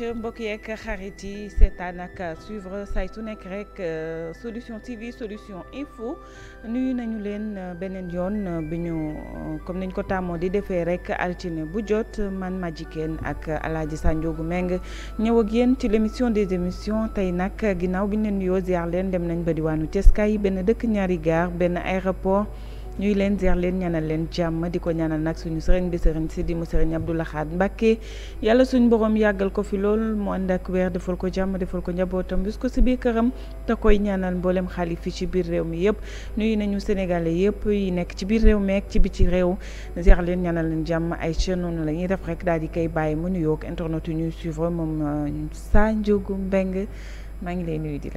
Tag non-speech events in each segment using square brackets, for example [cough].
mbokk yeeg xarit yi seetaan ak suivre saa su nekk rek euh, solution TV solution info nuyu nañu leen euh, beneen yoon euh, bi ñu comme nañ ko tàmmoo di defee rek altine bu jot man Madjikène ak Alaaji Sanjoogu Meng ñëw ak yéen ci l' des émissions tey nag ginnaaw bi ñu leen nuyoo ziar leen dem nañ ba di waanu diwaanu Ceskaay benn dëkk ñaari gaar benn aéroport. ñuy leen ziar leen ñanal leen jàmm di ko ñanal nag suñu sëriñ bi sëriñ si di mu sëriñ Abdou Lahad mbakkee yàlla suñu borom yàggal ko fi lool mu ànd ak weer defal ko jàmm defal ko njabootam bis ko si biir këram te koy ñaanal mboolem xalif fi ci biir réew mi yëpp nuyu nañu sénégalais yëpp yi nekk ci biir réew meek ci bi ci réew ziar leen ñanal leen jàmm ay ca noonu la ñuy def rek daal di koy bàyyi mu nuyoo ak internet yu ñuy suivre moom euh, Sa Ndiogou Mbengue maa ngi lay nuyu di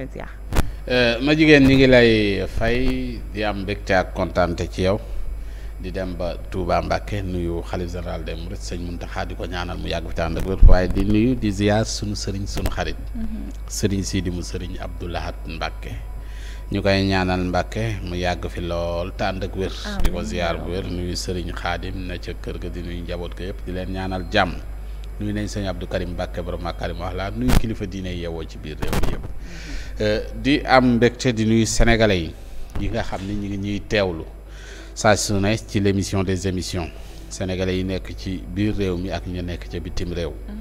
Euh, ma jigéen ñi ngi lay fay di am mbégte ak kontaante ci yow di dem ba Touba Mbacké nuyu xalif général des mourides sëñ Mountakha di ko ñaanal mu yàgg fi tànd ak waaye di nuyu di ziar sunu sëriñ xarit mm-hmm. sëriñ Sidi mu sëriñ Abdou Lahad ñu koy ñaanal Mbàkke mu yàgg fi lool te ànd ak wér di ko ziar bu wér nuyu sëriñ xaadim na ca kër ga di nuyu njaboot ga yëpp di leen ñaanal jàmm nuyu nañ sëñ Abdou Karim Mbàkke borom Makarim wax laa nuyu kilifa diine yeewoo ci biir réew mi yëpp mm-hmm. Euh, di am mbégte di nuyu sénégalais yi yi nga xam ni ñu ngi ñuy teewlu sa su ne ci l' émission des émissions sénégalais yi nekk ci biir réew mi ak ñu nekk ca bitim réew. Mm-hmm.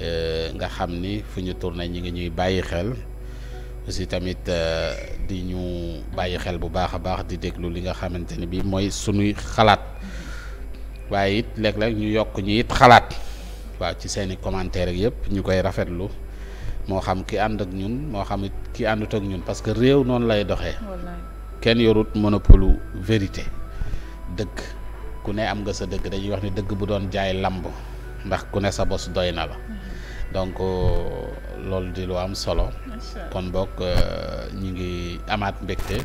Euh, nga xam ni fu ñu tourné ñu ngi ñuy bàyyi xel. aussi tamit euh, di ñu bàyyi xel bu baax a baax di déglu li nga xamante ni bii mooy sunuy xalaat mm-hmm. waaye it léeg-léeg ñu yokk ñu it xalaat waaw ci seen i commentaire ak yëpp ñu koy rafetlu moo xam ki ànd ak ñun moo xam it ci àndut ak ñun parce que réew noonu lay doxee kenn yorut monopole vérité dëgg ku ne am nga sa dëgg dañuy wax ni dëgg bu doon jaay lamb ndax ku ne sa bos doy na la mm-hmm. donc euh, loolu di lu am solo kon bokk euh, ñu ngi amaat mbégte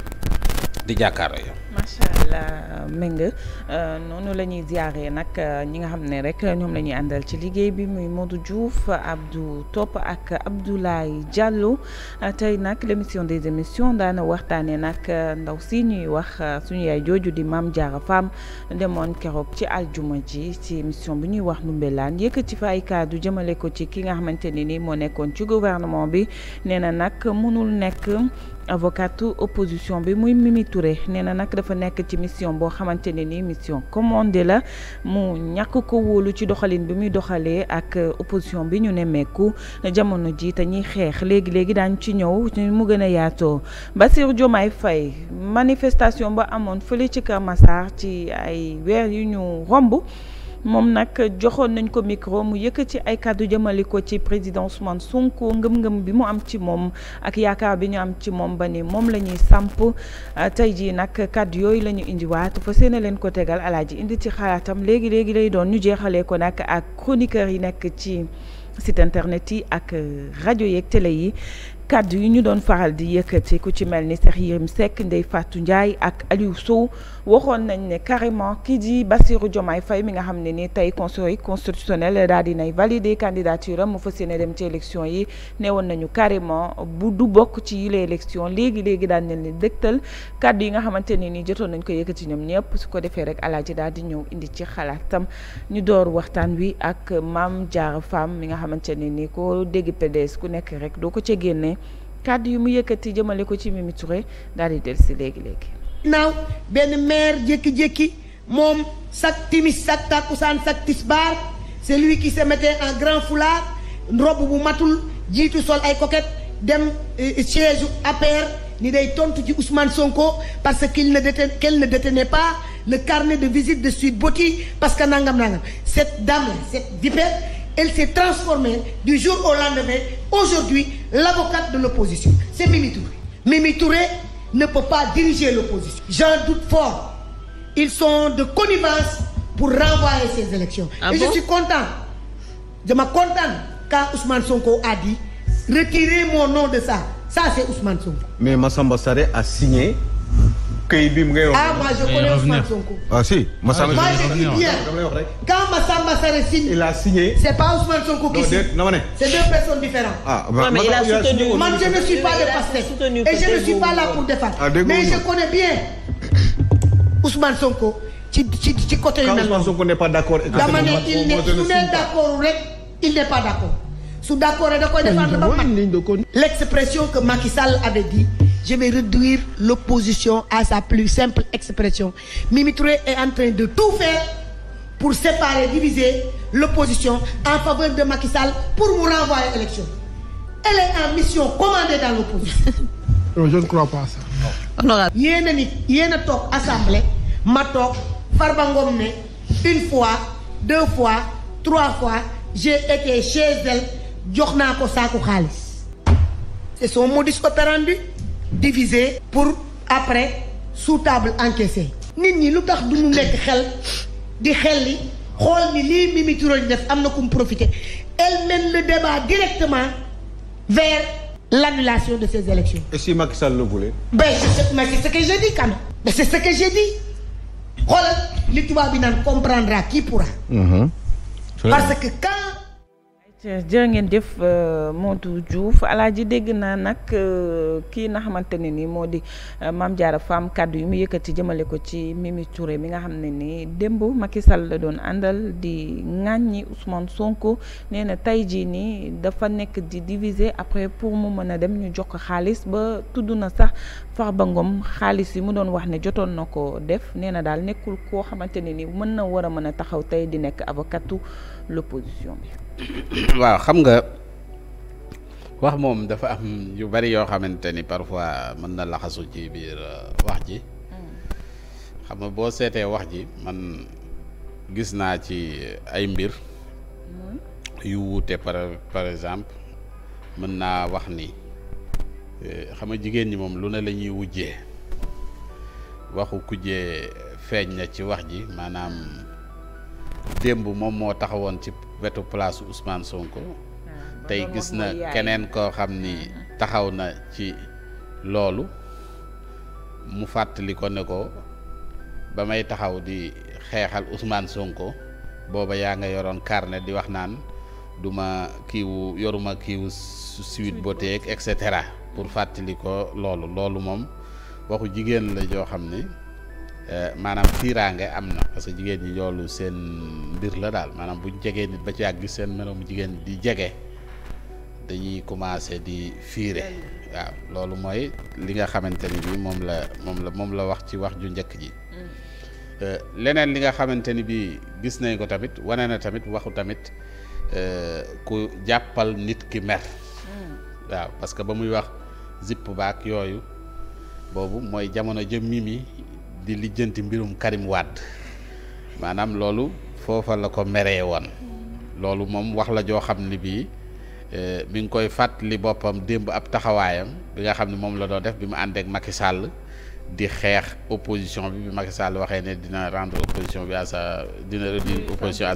di jàkkaarloo yow macha allah Mbengue euh, noonu la ñuy ziare nag euh, ñi nga xam ne rek ñoom la ñuy àndal ci liggéey bi muy Modou Diouf Abdou topp ak Abdoulaye Diallo euh, tey nag l' émission des émissions daana waxtaanee nag ndaw si ñuy wax suñu yaay jooju di maam Diarra Fam demoon keroog ci aljuma ji ci émission bi ñuy wax Ndoumbelane ci fa ay kàddu jëmale ko ci ki nga xamante ni nii moo nekkoon ci gouvernement bi nee na nag mënul nekk avocatu opposition bi muy Mimi Touré nee na nag. dafa nekk ci mission boo xamante ne ni mission commandée la mu ñàkk ko wóolu ci doxalin bi muy doxalee ak euh, opposition bi ñu nemmeeku jamono ji te ñuy xeex léegi léegi daañu ci ñëw mu gën a yaatoo Bassirou ay fay manifestation ba amoon fële ci Kër Massar ci ay weer yu ñu romb. moom nag joxoon nañ ko micro mu yëkk ci ay kàddu jëmale ko ci président Ousmane Sonko ngëm-ngëm bi mu am ci moom ak yaakaar bi ñu am ci moom ba ni moom la ñuy samp ah, tey jii nag kàddu yooyu la ñu indiwaat fa seen leen ko tegal alaaji indi ci xalaatam léegi léegi lay doon ñu jeexalee ko nag ak chroniqueur yi nekk ci sit internet yi ak rajo yeeg télé yi. kàddu yi ñu doon faral di yëkkati ku ci mel ni Cheikh Yérim sekk ndey fàttu Ndiaye ak Aliou Sow waxoon nañ ne carrément kii di Bassirou Diomaye Faye mi nga xam ne ni tey conseil constitutionnel daal di nay valider candidature am mu fas yéene dem ci élection yi ne woon nañu carrément bu du bokk ci yile élection léegi léegi daal nañ leen dëgtal kàddu yi nga xamante ne nii jotoon nañ ko yëkkati ñoom ñëpp su ko defee rek alaaji daal di ñëw indi ci xalaatam ñu door waxtaan wi ak maam Diarra Fam mi nga xamante ne ni ko dégg PDS ku nekk rek doo ko ca génne kàddu yu mu yëkkati jëmale ko ci Mimi Touré daal di del si léegi léegi. naaw benn maire jékki-jékki moom chaque timis chaque takkusaan chaque tisbaar c'est lui qui se en grand foulard robe bu matul jiitu sol ay coquette dem euh, siège APR ni day tontu ci Ousmane Sonko parce que ne détenait qu'elle ne détenait pas le carnet de visite de Sweet Beauté parce que nangam nangam cette dame cette vipère elle s'est transformée du jour au lendemain aujourd'hui l'avocate de l'opposition c'est Mimi Touré Mimi Touré ne peut pas diriger l'opposition j'en doute fort ils sont de connivence pour renvoyer ces élections ah et bon? je suis content je me contente quand Ousmane Sonko a dit retirez mon nom de ça ça c'est Ousmane Sonko mais Massamba Sarré a signé këy bi mu ngay wax. ah moi je connais Ousmane Sonko. ah si Massamba. Ah, moi je dis bien quand Massamba a c'est pas Ousmane Sonko qui signe. c'est deux personnes différentes. ah man je ne suis pas le pasteur je ne suis pas là pour défendre. Ah, mais je connais bien Ousmane Sonko ci ci ci côté. yu Sonko n'est pas d'accord. dama il ne su ne d'accord il n'est pas d'accord su d'accord da ah, l'expression que Macky avait dit. je vais réduire l'opposition à sa plus simple expression Mimi Touré est de tout faire pour séparer diviser l'opposition en faveur de Macky pour mu renvoyer élection elle est en mission commandée dans l'opposition [laughs] non je ne crois pas ça non yéen a nit yéen a assemblée ma toog Farba Ngom une fois deux fois trois fois j'ai été chez elle jox naa ko saaku xaalis c'est son modus operandi diviser pour après sous table encaissé nit ñi lu tax du ñu nekk xel di xel li xool ni li Mimi Touré ñu def am na ku mu profité elle mène le débat directement vers l'annulation de ces élections. et si Macky Sall le voulait. ben mais c'est ce que j'ai dit quand même. mais c'est ce que j'ai dit xoolal li tubaab bi naan comprendra qui pourra. Mhm. parce que quand jërë ngeen jëf euh, Modou Diouf alaaji dégg naa nag euh, kii nga xamante ne ni moo di euh, maam Diarra Fam kàddu yi mu yëkkati jëmale ko ci Mimi Touré mi nga xam ne ni démb Macky Sall la doon àndal di ŋàññi Ousmane Sonko nee na tey jii nii dafa nekk di diviser après pour mu mën a dem ñu jox ko xaalis ba tudd na sax fax ba Ngom xaalis yi mu doon wax ne jotoon na ko def nee na daal nekkul koo xamante ne ni mën na war a mën a taxaw tey di nekk avocatu l'opposition bi [coughs] waaw xam nga wax moom dafa am yu bari yoo xamante ni parfois mën na laxasu ci biir uh, wax ji mm. xam nga boo seetee wax ji man gis naa ci ay mbir mm. yu wuute par exemple mën naa wax ni e, xam nga jigéen ñi moom lu ne la ñuy wujjee waxu kujjee feeñ na ci wax ji maanaam démb moom moo taxawoon ci wetu place usmaan Sonko ah, tey gis na keneen koo xam ni ah, ah. taxaw na ci loolu mu fàttali ko ne ko ba may taxaw di xeexal Ousmane Sonko booba yaa nga yoroon carnet di wax naan duma kiiwu yoruma kiiwu suite beauté et cetera pour fàttali ko loolu loolu moom waxu jigéen la joo xam ne eh, maanaam tiiraange am na parce que jigéen ñi loolu seen mbir la daal maanaam bu ñu jegee nit ba ci yàgg gis seen moromu jigéen di jege dañuy commencé di fiire waaw loolu mooy li nga xamante ni bi moom la moom la moom la wax ci wax ju njëkk ji mm. euh, leneen li nga xamante ni bi gis nañ ko tamit wane na tamit waxu tamit euh, ku jàppal nit ki mer mm. waaw parce que ba muy wax zipp baak yooyu boobu mooy jamono jëm mi mi di lijjanti mbirum Karim Wade maanaam loolu foofa la ko meree woon loolu moom wax la joo xam ne bii eh, mi ngi koy fàttali boppam démb ab taxawaayam bi nga xam ne moom la doon def bi ma àndeek ak sàll di xeex opposition bi bi Macky Sall waxee ne dina rendre opposition bi à sa dina réduire opposition à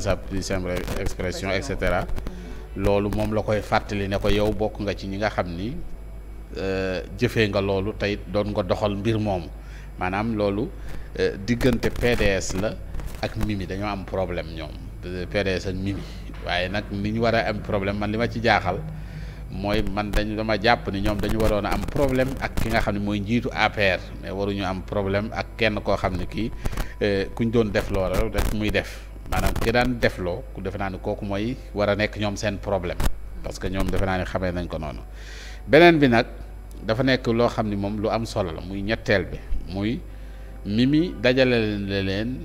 expression et cetera loolu moom la koy fàttali ne ko yow bokk nga ci ñi nga xam ni eh, jëfee nga loolu tey doon nga doxal mbir moomu maanaam loolu eh, diggante PDS la. ak Mimi dañoo am problème ñoom PDS ak Mimi waaye nag ni ñu war a am problème man li ma ci jaaxal mooy man dañu dama jàpp ni ñoom dañu waroon a am problème ak ki nga xam ne mooy njiitu APR mais waruñu am problème ak kenn koo xam ne kii euh, kuñ doon def loo rek muy def maanaam ki daan def loo ku defe naa ni kooku mooy war a nekk ñoom seen problème parce que ñoom defe naa ni xamee nañ ko noonu beneen bi nag dafa nekk loo xam ni moom lu am solo la muy ñetteel bi muy Mimi dajale leen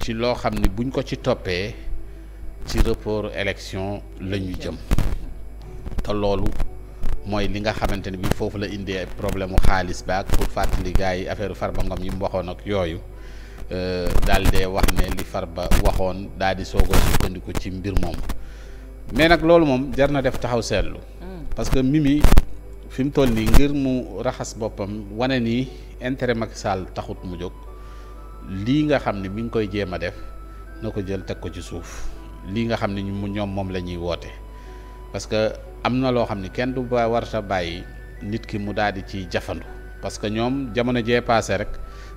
ci loo xam ni buñ ko ci toppee ci report élection la ñu jëm te loolu mooy li nga xamante ne bi foofu la indee problème mu xaalis baak pour fàttali gars yi affaire Farba Ngom yi mu waxoon ak yooyu euh, daal dee wax ne li Farba waxoon daldi di soog ci mbir moom mais nag loolu moom jar na def taxaw seetlu. Mm. parce que Mimi fi mu toll nii ngir mu raxas boppam wane nii intérêt Macky Sall taxut mu jóg. lii nga xam ne mi ngi koy jéem a def na ko jël teg ko ci suuf lii nga xam ne ñoom moom la ñuy woote parce que am na loo xam ne kenn du ba warta bàyyi nit ki mu daal di ci jafandu parce que ñoom jamono jee passé rek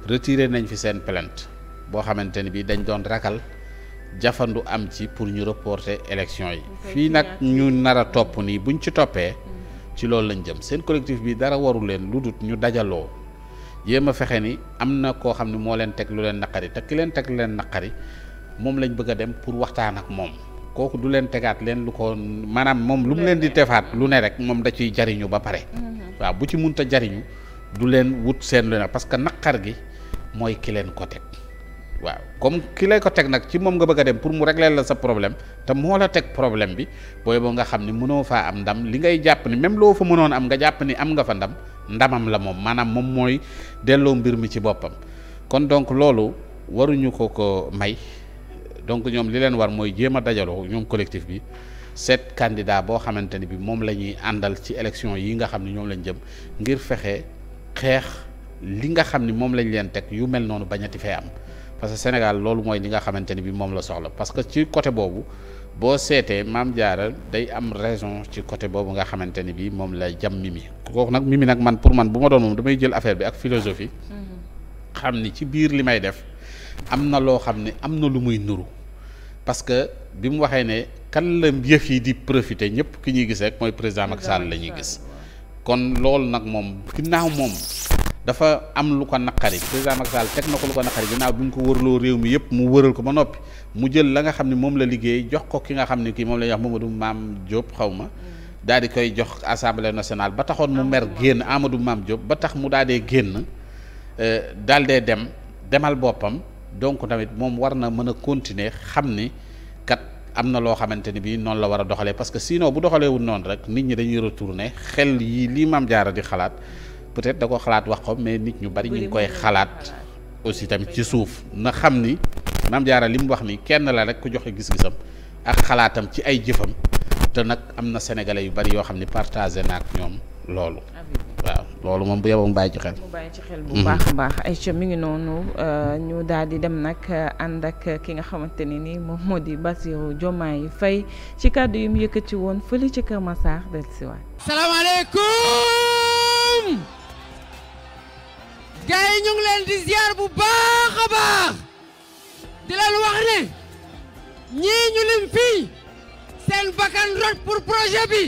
retiré nañ fi seen plainte boo xamante ni bi dañ doon ragal jafandu am ci pour ñu reporter élection yi fii nag ñu nar a topp nii buñ ci toppee mm. ci loolu lañ jëm seen collectif bi dara waru leen lu dut ñu dajaloo yéem a fexe ni am na koo xam ne moo leen teg lu leen naqari te ki leen teg lu leen naqari moom lañ bëgg a dem pour waxtaan ak moom kooku du leen tegaat leen lu ko maanaam moom lu mu leen di tefaat lu ne rek moom da ciy jariñu ba pare mm-hmm. waa bu ci munta jariñu du leen wut seen lu ne parce que naqar gi mooy ki leen ko teg waaw comme ki lay ko teg nag ci moom nga bëgg a dem pour mu régler la sa problème te moo la teg problème bi booy boo nga xam ni mënoo faa am ndam li ngay jàpp ni même loo fa mënoon am nga jàpp ni am nga fa ndam ndamam la moom maanaam moom mooy delloo mbir mi ci boppam kon donc loolu waruñu ko ko may donc ñoom li leen war mooy jéem a dajaloo ñoom collectif bi sept candidat boo xamante ni bi moom la ñuy àndal ci élection yi nga xam ne ñoom lañ jëm ngir fexe xeex li nga xam ni moom lañ leen teg yu mel noonu bañati fee am parce que Sénégal loolu mooy li nga xamante ni bi moom la soxla parce que ci côté boobu boo seetee Maam jaaral day am raison ci côté boobu nga xamante ni bi moom la jam Mimi kooku nag Mimi nag man pour man bu ma doon moom damay jël affaire bi ak philosophie mm-hmm. xam ni ci biir li may def am na loo xam ne am na lu muy nuru parce que bi mu waxee ne kan la yëf yi di profité ñëpp ki ñuy gis rek mooy président ma Sall la ñuy gis kon lool nag moom ginnaaw moom dafa am lu ko naqari président Macky Sall teg na ko lu ko naqari ginnaaw bi mu ko wërloo réew mi yëpp mu wëral ko ba noppi mu jël la nga xam ne moom la liggéey jox ko ki nga xam ne kii moom la ñuy wax Mamadou Mame Diop xaw ma daal di koy jox assemblée nationale ba taxoon mu mer génn Amadou Mame Diop ba tax mu daal dee génn euh, daal dee dem demal boppam donc tamit moom war na mën a continuer xam ni kat am na loo xamante ni bii noonu la war a doxalee parce que sinon bu doxalee wul noonu rek nit ñi dañuy retourner xel yi lii Mame Diarra di xalaat. peut-être da ko xalaat wax ko mais nit ñu bari ñu ngi koy xalaat aussi tamit ci suuf na xam ni maam jaara li mu wax ni kenn la rek ku joxe gis-gisam ak xalaatam ci ay jëfam te nag am na sénégalais yu bari yoo xam ni partagé na ak ñoom loolu ah waaw loolu moom bu yeboo mu bàyyi ci xel. bu mhm. baax a baax. ayca mi ngi noonu euh, ñu daal di dem nag euh, ànd ak ki nga xamante ne ni moom moo di Bassirou Diomaye fay ci kàddu yu mu yëkkati woon fële ci Kër Massar dellusiwaat. salaamaaleykum. gars yi ñu ngi leen di ziar bu baax a baax di leen wax ne ñii ñu lim fii seen bakkan rot pour projet bi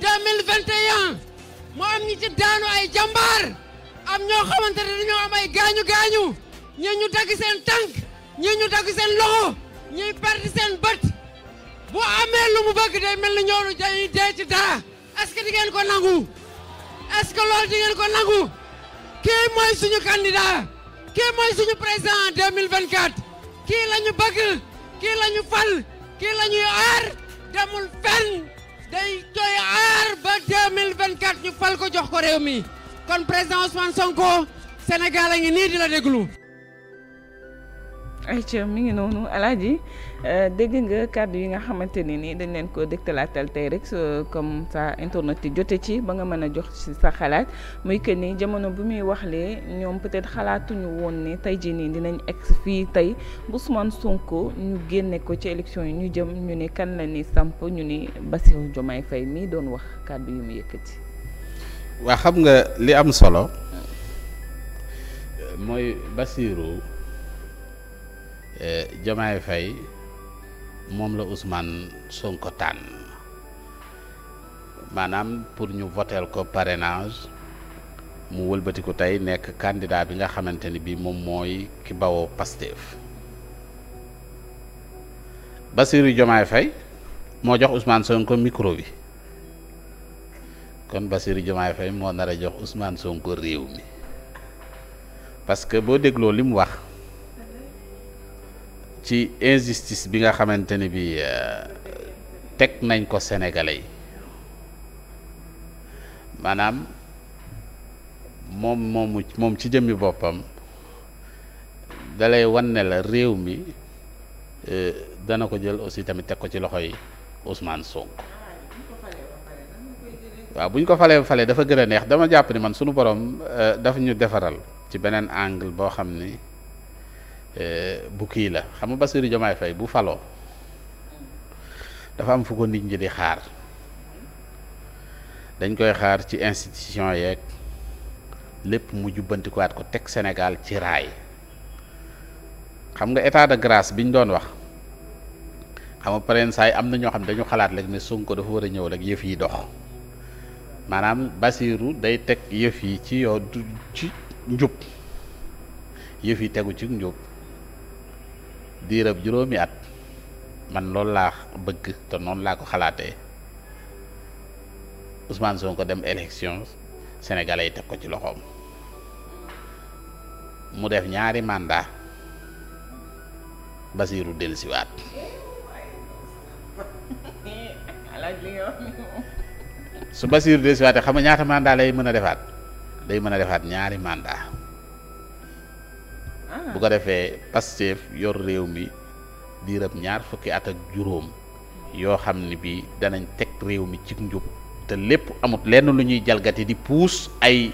2021 mu am ñi ci daanu ay jàmbaar am ñoo xamante ne dañoo am ay gaañu gaañu ñii ñu dagg seen tànk ñii ñu dagg seen loxo ñii perte seen bët bu amee lu mu bëgg day mel ni ñoonu dañuy dee ci dara est-ce que di ngeen ko nangu est-ce que loolu di ngeen ko nangu. kii mooy suñu candidat kii mooy suñu président 2024 kii la ñu bëgg kii la ñu fal kii la ñuy aar demul fenn day koy aar ba ñu fal ko jox ko réew mi kon président Ousmane Sonko Sénégal a ngi nii di la déglu. ayca mi ngi noonu Alaaji Euh, dégg nga kàddu yi nga xamante ne ni dañ leen ko dégtalaatal tey rek comme sa internet yi jote ci ba nga mën a jox ci sa xalaat muy que ni jamono bu muy waxlee ñoom peut-être xalaatuñu woon ne tey jii nii dinañ egg fii tey Ousmane Sonko ñu génne ko ci élection yi ñu jëm ñu ni kan la ni samp ñu ni Bassirou Diomaye fay mii doon wax kàddu yi mu yëkkati. waa xam nga li am solo. mooy Bassirou euh, Diomaye Faye. moom la Ousmane Sonko tànn maanaam pour ñu voteel ko parenage mu wëlbatiku tey nekk candidat bi nga xamante ni bii moom mooy ki bawoo Pastef Bassirou Diomaye Faye moo jox Ousmane Sonko micro bi kon Bassirou Diomaye Faye moo nar a jox Ousmane Sonko réew mi parce que boo dégloo li mu wax. ci injustice bi nga xamante ni bi euh, teg nañ ko sénégalais yi maanaam moom moomu moom ci jëmmi boppam dalay wan ne la réew mi euh, dana ko jël aussi tamit teg ko ci loxo yi Ousmane Sonko waaw buñ ñu ko falee falee dafa gën a neex dama jàpp ni man sunu borom euh, dafa ñu defaral ci beneen angle boo xam ni Eh, bu kii la xam nga Bassirou Diomaye bu faloo dafa am fu ko nit ñi di xaar dañ koy xaar ci institution yeeg lépp mu jubbantikuwaat ko teg Sénégal ci raay xam nga état de grace bi ñu doon wax xam nga paren saa yi am na ñoo xam ne dañu xalaat rek ne ko dafa war a ñëw rek yëf yi dox maanaam Bassirou day teg yëf yi ci yow ci njub yëf yi tegu ci njub diirab juróomi at man loolu laa bëgg te noonu laa ko xalaatee Ousmane ko dem élection sénégalais yi teg ko ci loxoom mu def ñaari mandat Basiiru dellusiwaat su Basiiru dellusiwaatee xam nga ñaata mandat lay mën a defaat day mën a defaat ñaari mandat bu ko defee Pastef yor réew mi diirab ñaar fukki at ak juróom yoo xam ne bi danañ teg réew mi ci njub te lépp amut lenn lu ñuy jalgati di puus ay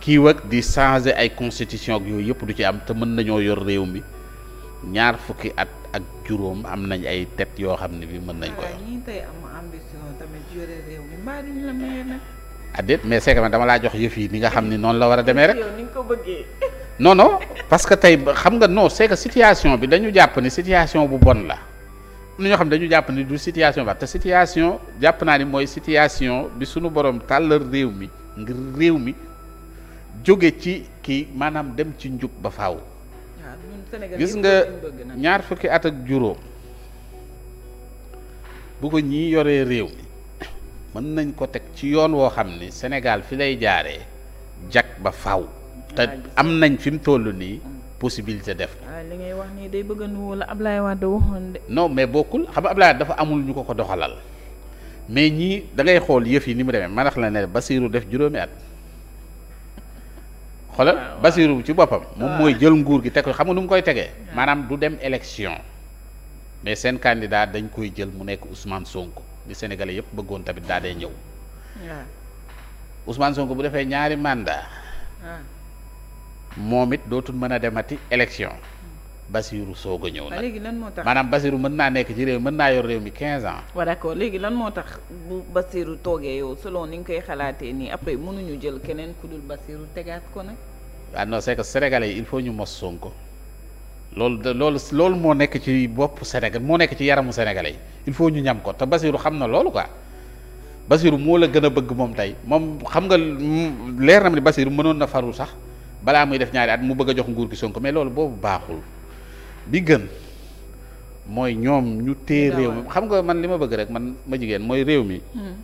kiiw ak di changer ay constitution ak yooyu yëpp du ci am te mën nañoo yor réew mi ñaar fukki at ak juróom am nañ ay tet yoo xam ne bi mën nañ ko yor adéet ah, mais c'est dama laa jox yëf yi ni nga xam ni noonu la war a demee rek non non parce que tey xam nga non c'est que situation bi dañu jàpp ni situation bu bon la am na ñoo xam ne dañu jàpp ni du situation ba te situation jàpp naa ni mooy situation bi suñu borom tàllal réew mi ngir réew mi jóge ci kii maanaam dem ci njub ba faw gis nga ñaar fukki at ak juróom bu ko ñii yoree réew mi mën nañ ko teg ci yoon woo xam ni Sénégal fi lay jaaree jag ba faw te am nañ fi mu toll nii possibilité def ko. li nii day bëgg a nuyu la Ablaye Wade waxoon de. mais bokkul xam nga Ablaye Wade dafa amul ñu ko ko doxalal mais ñii da xool yëf yi ni mu demee man la ne Basirou def juróomi at. xoolal Basirou ci boppam. moom mooy jël nguur gi teg ko xam nga nu mu koy tegee. maanaam du dem élection. mais seen candidat dañ koy jël mu nekk Ousmane Sonko li Sénégalais yëpp bëggoon tamit daa dee ñëw. Ousmane Sonko bu defee ñaari mandat. moom it dootul mën a demati élection Bassirou soog ñëw nag léegi lan moo tax maanaam Bassirou mën naa nekk ci réew mën naa yor réew mi 15 ans. waaw d'accord léegi lan moo tax bu Bassirou toogee yow selon ni nga koy xalaatee nii après mënuñu jël keneen ku dul Bassirou tegaat ko nag. ah non c'est que yi il faut ñu mos Sonko loolu de loolu loolu moo nekk ci boppu Sénégal moo nekk ci yaramu sénégalais il faut ñu ñam ko te Bassirou xam na loolu quoi. Bassirou moo la gën a bëgg moom tey moom xam nga mm, leer na ma mënoon na faru sax balaa muy def ñaari at mu bëgg a jox nguur gi Sonko mais loolu boobu baaxul bi gën mooy ñoom ñu téye réew mi xam nga man li ma bëgg rek man ma jigéen mooy réew mi hmm.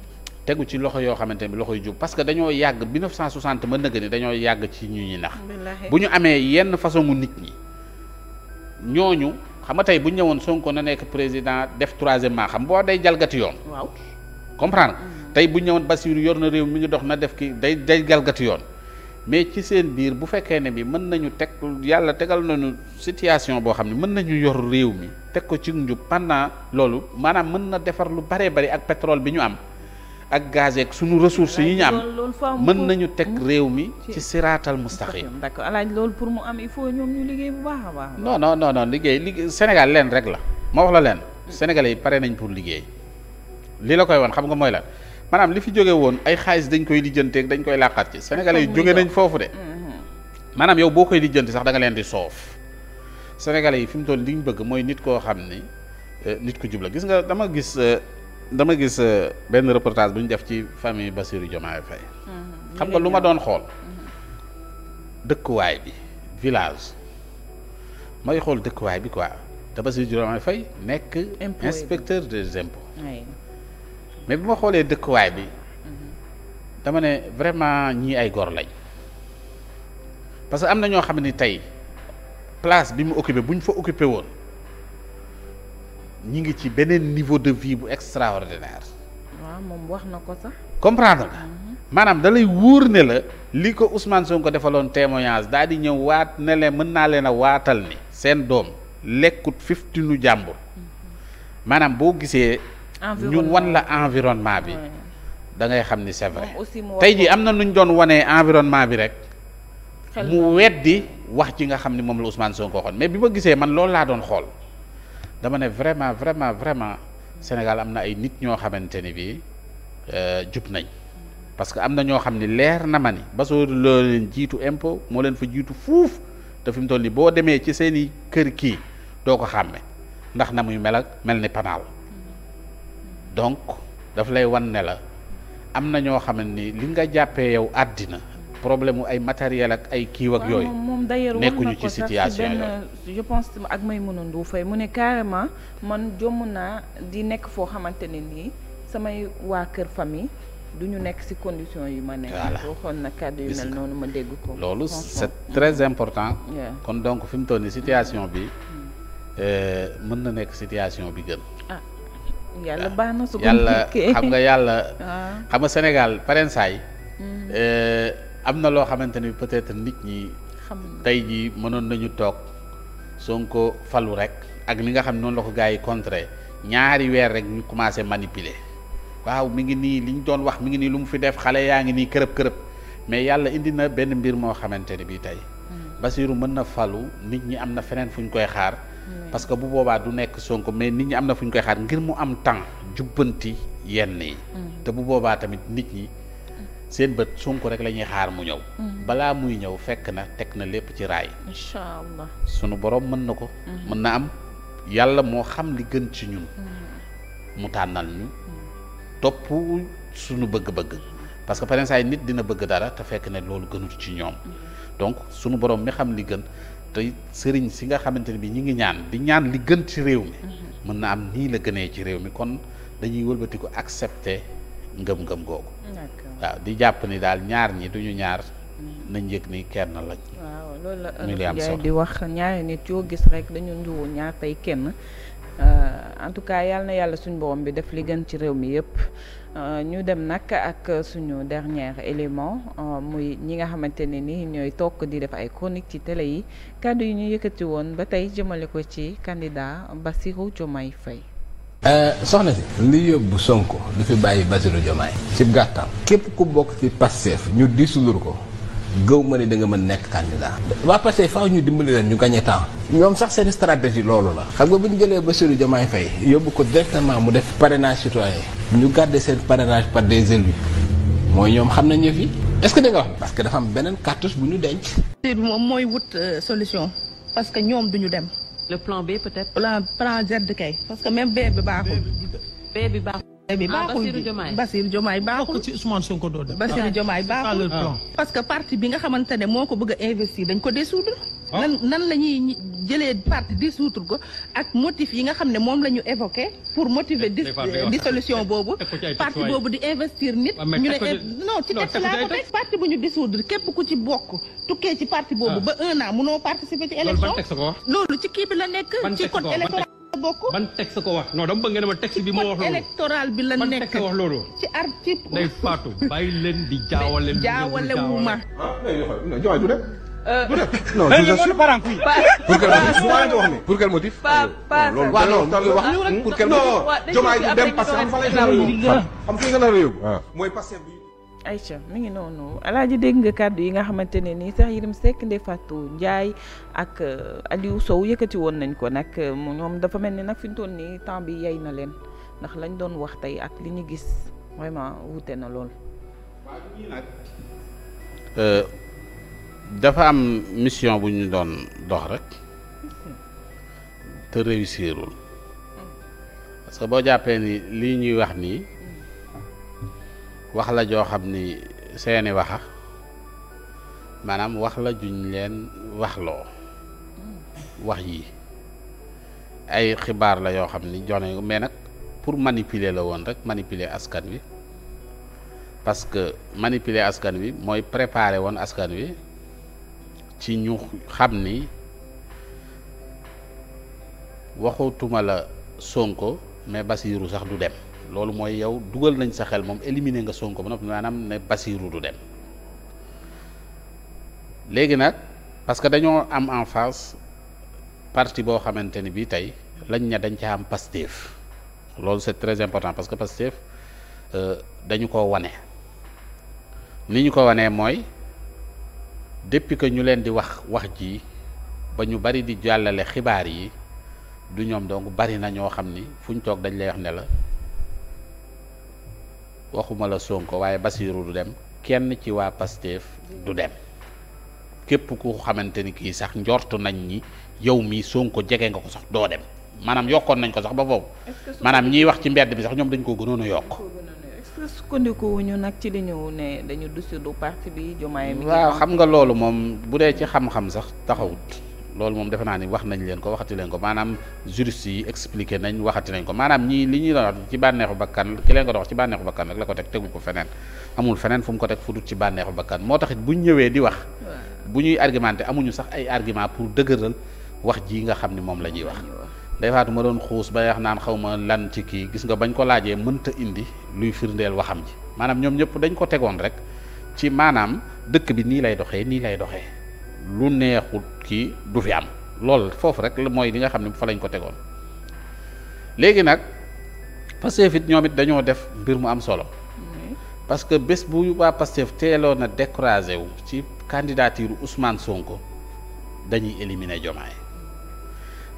tegu ci loxo yoo xamante ne loxo yu jub parce que dañoo yàgg 1960 mën na gën dañoo yàgg ci ñu ñi nax bu ñu amee yenn façon mu nit ñi ñooñu xam nga tey bu ñu ñëwoon Sonko na nekk président def troisièmement xam boo day jalgati yoon waaw comprendre hmm. tey bu ñu ñëwoon Bassirou yor na réew mi ngi dox na def ki day day jalgati yoon mais ci seen biir bu fekkee ne bi mën nañu teg yàlla tegal nañu situation boo xam ne mën nañu yor réew mi teg ko ci njub pendant loolu maanaam mën na defar lu baree bari ak pétrole bi ñu am ak gaz ak suñu ressources yi ñu am mën nañu teg réew mi ci siraatal mustaqim d'accord alaaj loolu pour mu am il faut ñoom ñu liggéey a baax non non liggéey liggéey Sénégal leen rek la ma wax la leen sénégalais yi pare nañ pour liggéey li la koy wan xam nga mooy lan maanaam li fi jóge woon ay xaalis dañ koy lijjanteeg dañ koy làqaat ci sénégalais yi jóge nañ foofu de mm-hmm. maanaam yow boo koy lijjanti sax danga leen di soof sénégalais yi fi mu toll li ñu bëgg mooy nit koo xam ni euh, nit ku jub la gis nga dama gis euh, dama gis euh, benn reportage bu def ci famille Bassirou Diomaye Faye mm-hmm. xam nga lu ma doon xool mm-hmm. dëkkuwaay bi village may xool dëkkuwaay bi quoi te Bassirou Diomaye Faye nekk inspecteur des impôts mais bu ma xoolee dëkkuwaay bi dama ne vraiment ñii ay gor lañ parce que am na ñoo xam ni tey place bi mu occupé bu ñu fa occupé woon ñu ngi ci beneen niveau de vie bu extraordinaire. waaw moom wax na ko sax. comprendre nga. Mhm. maanaam dalay lay wóor ne la li ko Ousmane ko defaloon témoignage daal di ñëw waat ne leen mën naa leen a waatal ni seen doom lekkut fiftinu jàmbur mhm. maanaam boo gisee. ñu wan la environnement bi da ngay xam ni c'est vrai tey jii am na nu ñu doon wanee environnement bi rek mu weddi wax ci nga xam ni moom la Ousmane Sonko waxoon mais bi ma gisee man loolu laa doon xool dama ne vraiment vraiment vraiment Sénégal am na ay nit ñoo xamante ni bii euh, jub nañ parce que am na ñoo xam ni leer na ma ni ba soo loo jiitu impôt moo leen fa jiitu fuuf te fi mu toll nii boo demee ci seeni kër kii doo ko xàmme ndax na muy mel ak mel ni panaal donc daf lay wan ne la am na ñoo xam ni li nga jàppee yow àddina problème mu ay matériel ak ay kiiw ak yooyu. moom d'ailleurs nekkuñu ci situation yooyu je pense ak Maïmouna Ndour Faye mu ne carrément man jomm naa di nekk foo xamante ne nii samay waa kër famille du nekk ci condition yu ma nekk. voilà waxoon na ma dégg ko. loolu c'est très important. kon donc fi mu toll situation bi mm. euh, mën na nekk situation bi gën. yàlla baax na su ko xam nga yàlla. [laughs] Ah. xam nga Sénégal parensaay. Mm-hmm. Eh, am na loo xamante ni peut-être nit ñi. tey jii mënoon nañu toog Sonko falu rek ak li nga xam noonu la ko gars yi contré ñaari weer rek ñu commencé manipuler waaw mi ngi nii li ñu doon wax mi ngi nii lu mu fi def xale yaa ngi nii kërëb kërëb mais yàlla indi na benn mbir moo xamante ni bii tey. Mm. Basiru mën na falu nit ñi am na feneen fu ñu koy xaar. parce que bu boobaa du nekk Sonko mais nit ñi am na fu ñu koy xaar ngir mu am temps jubbanti yenn yi. Mm. te bu boobaa tamit nit ñi seen bët Sonko rek lañuy xaar mu ñëw. Mm. balaa muy ñëw fekk na teg na lépp ci raay. incha sunu borom mën na ko. Mm-hmm. mën na am yàlla moo xam li gën ci ñun. Mm-hmm. mu tànnal ñu. Mm-hmm. topp sunu bëgg-bëgg. parce que parents ay nit dina bëgg dara te fekk na loolu gënul ci ñoom. donc sunu borom mi xam li gën. te sëriñ si nga xamante ne bi ñu ngi ñaan di ñaan li gën ci réew mi mm-hmm. mën na am nii la gënee ci réew mi kon dañuy wëlbati ko accepter ngëm-ngëm googu waaw di jàpp ni daal ñaar ñi ñu ñaar mm-hmm. na yëg ni kenn lañ waaw loolu la Ndiaye di wax ñaari nit yoo gis rek dañu njuwu ñaar tey kenn euh, en tout cas yàlla na yàlla suñ borom bi def li gën ci réew mi yëpp Euh, ñu dem nag ak suñu dernier élément euh, muy ñi nga xamante ne ni ñooy toog di def ay chronique ci télé yi kàddu yi ñu yëkkati woon ba tey jëmale ko ci candidat Bassirou Diomaye Faye euh, soxna si li yóbbu Sonko du fi bàyyi Bassirou Diomaye ci gàttal képp ku bokk ci Pastef ñu disulur ko gëw ma ne da nga mën nekk candidat. waa parce que faaw ñu dimbali leen ñu gagné ñoom sax seen stratégie loolu la. xam nga bu ñu jëlee Bassirou Diomaye Faye yóbbu ko directement mu def parrainage citoyen ñu garder seen parrainage par des élus mooy ñoom xam nañ fi est-ce que da nga wax parce que dafa am beneen cartouche bu ñu denc. mooy wut euh, solution parce que ñoom duñu dem. le plan B peut-être. le plan Z kay parce que même B bi baaxul. bi ah, baaxul Bassirou Diomaye baaxul ah. parce que parti bi nga xamante ne moo ko bëgg a investir dañ ko dissoudre nan ah. nan la ñuy jëlee parti dissoudre ko ak motif yi nga xam ne moom la ñu évoqué pour motiver dissolution boobu parti boobu di investir nit ñu ne eh, non ci texte laa ko teg parti bu ñu dissoudre képp ku ci bokk tukkee ci parti boobu ba un an munoo participer ci élection loolu ci kii bi la nekk ci code électoral bokk ban texte ko wax non dama bëgg nga ne ma texte bi moo wax loolu électoral bi la nekk ban texte wax loolu ci article day faatu bàyyi leen di jaawale jaawale wu ma jawaay du def du def non pour quel motif waaw loolu wax pour quel motif jomaay du dem parce que xam fa lay xam nga na réew mooy passé bi ay Aïcha mi ngi noonu alaaji dégg nga kàddu yi nga xamante ne nii sax Yérim sekk Ndeye Fatou Ndiaye ak euh, Aliou Sow yëkkati woon nañ ko nag euh, ñoom dafa mel ni nag fi ñu nii temps bi yay na leen ndax lañ doon wax tey ak li ñu gis vraiment wuute na lool. Euh, dafa am mission bu ñu doon dox rek te réussirul hmm. parce boo jàppee ni lii ñuy wax nii. wax la joo xam ni seeni waxa maanaam wax la juñ leen waxloo wax yi ay xibaar la yoo xam ni joxe ko mais nag pour manipuler la woon rek manipuler askan wi parce que manipuler askan wi mooy préparer woon askan wi ci ñu xam ni waxutuma la Sonko mais Basiiru sax du dem loolu mooy yow dugal nañ sa xel moom éliminer nga Sonko ba noppi maanaam ne Bassirou du dem léegi nag parce que dañoo am en face parti boo xamante ni bii tey lañ na dañ ca am Pastef loolu c'est très important parce que Pastef euh, dañu ko wane ni ñu ko wanee mooy depuis que ñu leen di wax wax ji ba ñu bari di jàllale xibaar yi du ñoom donc bari na ñoo xam ni fu ñu toog dañ lay wax ne la waxuma la sonk waaye Basiiru du dem kenn ci waa Pastef du dem képp ku xamante ni kii sax njort nañ ni yow mii Sonko jege nga ko sax doo dem maanaam yokkoon nañ ko sax ba foofu maanaam ñiy wax ci mbedd bi sax ñoom dañ ko gënoon a yokk sukkandiku ñu nag ci li ñëw ne dañu du parti bi Diomaye mi waaw xam nga loolu moom bu dee ci xam-xam sax taxawut loolu moom defe naa ni wax nañ leen ko waxati leen ko maanaam juriste yi expliqué nañ waxati nañ ko maanaam ñii li ñuy doon wax ci bànneexu bàkkan ki leen ko dox ci bànneexu bakkan rek la ko teg tegu ko feneen amul feneen fu ko teg fu dut ci bànneexu bakkan moo taxit bu ñëwee di wax bu ñuy argumenté amuñu sax ay argument pour dëgëral wax ji nga xam ni moom la ñuy wax day faatu ma doon xuus ba wax naan xaw ma lan ci kii gis nga bañ ko laajee mënta indi luy firndeel waxam ji maanaam ñoom ñëpp dañ ko tegoon rek ci maanaam dëkk bi nii lay doxee nii lay doxee lu neexut ki du fi am lool foofu rek mooy li nga xam ne fa lañ ko tegoon léegi nag Pastef it ñoom it dañoo def mbir mu am solo parce que bés bu waa Pastef teeloon a découragé wu ci candidature Ousmane Sonko dañuy éliminer Diomaye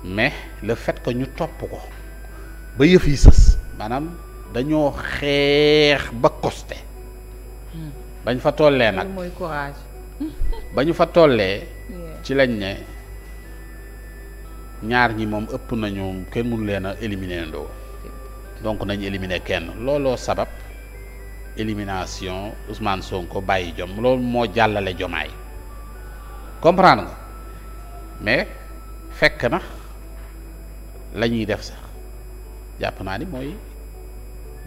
mais la fet ko ñu topp ko ba yëf yi sës maanaam dañoo xeex ba costé hmm. bañ fa tollee nag ba ñu fa tollee ci lañ ne ñaar ñi moom ëpp nañu kenn mënu leen a éliminer ndoo donc nañ éliminer kenn looloo sabab élimination Ousmane ko bàyyi jom loolu moo jàllale jomaay comprendre nga mais fekk na la ñuy def sax jàpp naa ni mooy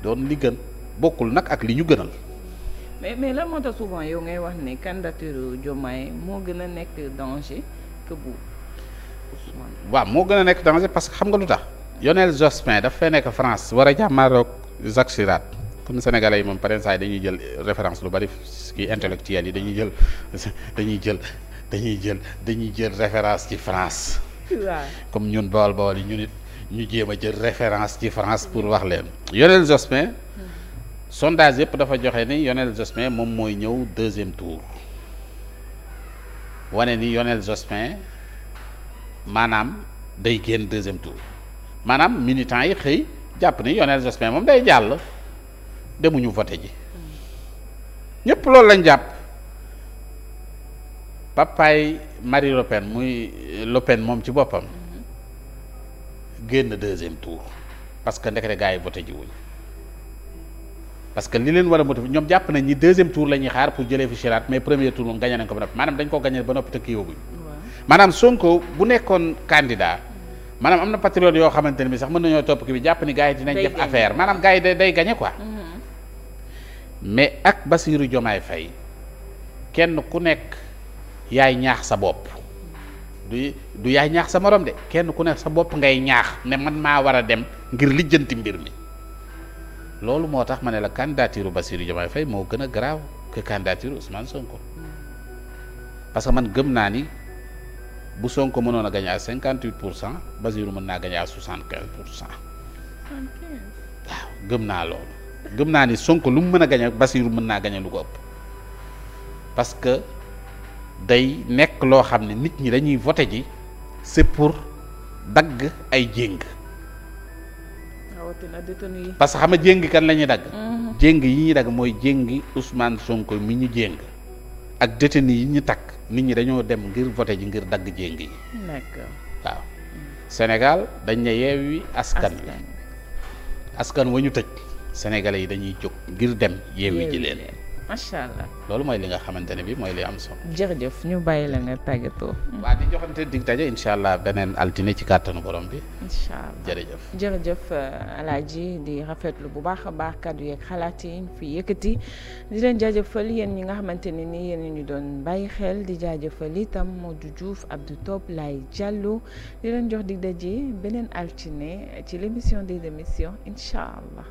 doon li gën bokkul nag ak li ñu gënal mais mais lan moo tax souvent yow ngay wax ne candidature Diomaye moo gën a nekk danger que bu moo gën a nekk danger parce que xam nga lu tax Lionel Jospin dafa fay nekk France war a jàmmaaroog Jacques Chirac comme sénégalais yi moom par exemple dañuy jël référence lu bari kii intellectuels yi dañuy jël [laughs] dañuy jël dañuy jël dañuy jël référence ci France. comme ñun Bawol Bawol yi ñu nit ñu jéem a jël référence ci France pour wax leen Lionel Jospin. sondage yëpp dafa joxe ni Lionel Jospin moom mooy ñëw deuxième tour wane ni Lionel Jospin maanaam day génn deuxième tour maanaam militants yi xëy jàpp ni Lionel Jospin moom day jàll demuñu voté ji ñëpp loolu lañ jàpp papaay Marie Le muy Le Pen moom ci boppam génn deuxième tour parce que ndekete gars yi voté ji wuñ parce que li leen war a motiver ñoom jàpp nañ ni deuxième tour la ñuy xaar pour jëlee fi Chiraat mais premier tour moom gagné nañ ko ba noppi maanaam dañ ko gagné ba noppi te kii maanaam Sonko bu nekkoon candidat maanaam am na patriote yoo xamante ne bi sax mën nañoo topp ki bi jàpp ni gars yi dinañ def affaire maanaam gars yi day mm-hmm. mais ak Bassirou Diomaye Faye kenn ku nekk yaay ñaax sa bopp du du yaay ñaax sa morom de kenn ku nekk sa bopp ngay ñaax ne man maa war a dem ngir lijjanti mbir mi loolu moo tax ma ne la candidature Bassirou Diomaye fay moo gën a grave que candidature Ousmane Sonko parce que man gëm naa ni bu Sonko mënoon a gagné cinquante huit pour cent Bassirou mën naa gagné à soixante quinze pour cent waaw gëm naa loolu gëm naa ni sonk lu mu mën a gagné Bassirou mën naa gagné lu ko ëpp parce que day nekk loo xam ne nit ñi dañuy voté ji c'est pour dagg ay jéng rawatina détenu yi. parce que xam nga jéng kan la ñuy dagg. Mhm. jéng yi ñuy dagg mooy jéngi Ousmane Sonko mi ñu jéng ak détenu yi ñu takk nit ñi dañoo dem ngir voté ji ngir dagg jéng yi. waaw. Sénégal dañ ne yeewi askan askan wa ñu tëj sénégalais yi dañuy jóg ngir dem yeewi ji leen. macha allah loolu mooy li nga xamante ne bi mooy li am solo. jërëjëf ñu bàyyi la nga tàggatoo. waa di joxante dig daje incha allah beneen altine ci kàttanu borom bi. incha allah jërëjëf. jërëjëf euh, Alaaji di rafetlu bu baax a baax kàddu yeeg xalaat yi fi yëkkati di leen jaajëfal yéen ñi nga xamante ne ni yéen ñu doon bàyyi xel di jaajëfal itam Modou Diouf Abdou Top Laye Diallo di leen jox dig daje beneen altine ci l' émission des émissions incha allah.